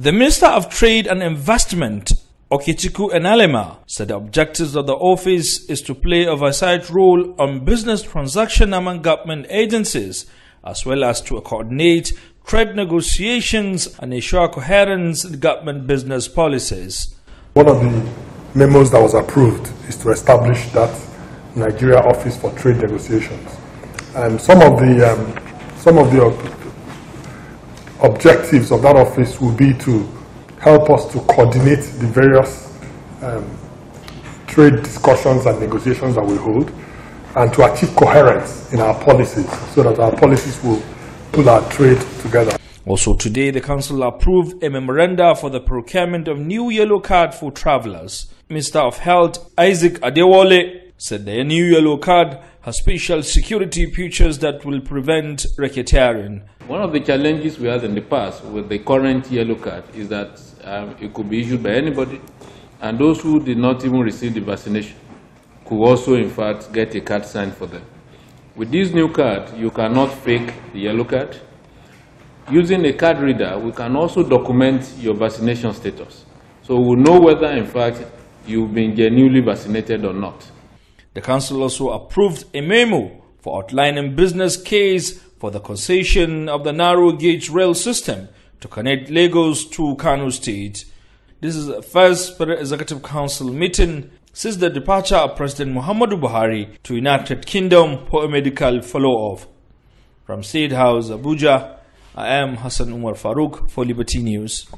The Minister of Trade and Investment Okichiku Enalema said the objectives of the office is to play a oversight role on business transactions among government agencies, as well as to coordinate trade negotiations and ensure coherence in government business policies. One of the memos that was approved is to establish that Nigeria Office for Trade Negotiations. And some of the, um, some of the objectives of that office will be to help us to coordinate the various um, trade discussions and negotiations that we hold and to achieve coherence in our policies so that our policies will pull our trade together. Also today, the Council approved a memoranda for the procurement of new yellow card for travellers. Minister of Health Isaac Adewale said the new yellow card has special security features that will prevent racketeering. One of the challenges we had in the past with the current yellow card is that um, it could be issued by anybody, and those who did not even receive the vaccination could also, in fact, get a card signed for them. With this new card, you cannot fake the yellow card. Using a card reader, we can also document your vaccination status. So we'll know whether, in fact, you've been genuinely vaccinated or not the council also approved a memo for outlining business case for the concession of the narrow gauge rail system to connect Lagos to Kano State. This is the first Executive Council meeting since the departure of President Muhammadu Buhari to United Kingdom for a medical follow-up. From State House, Abuja, I am Hassan Umar Farouk for Liberty News.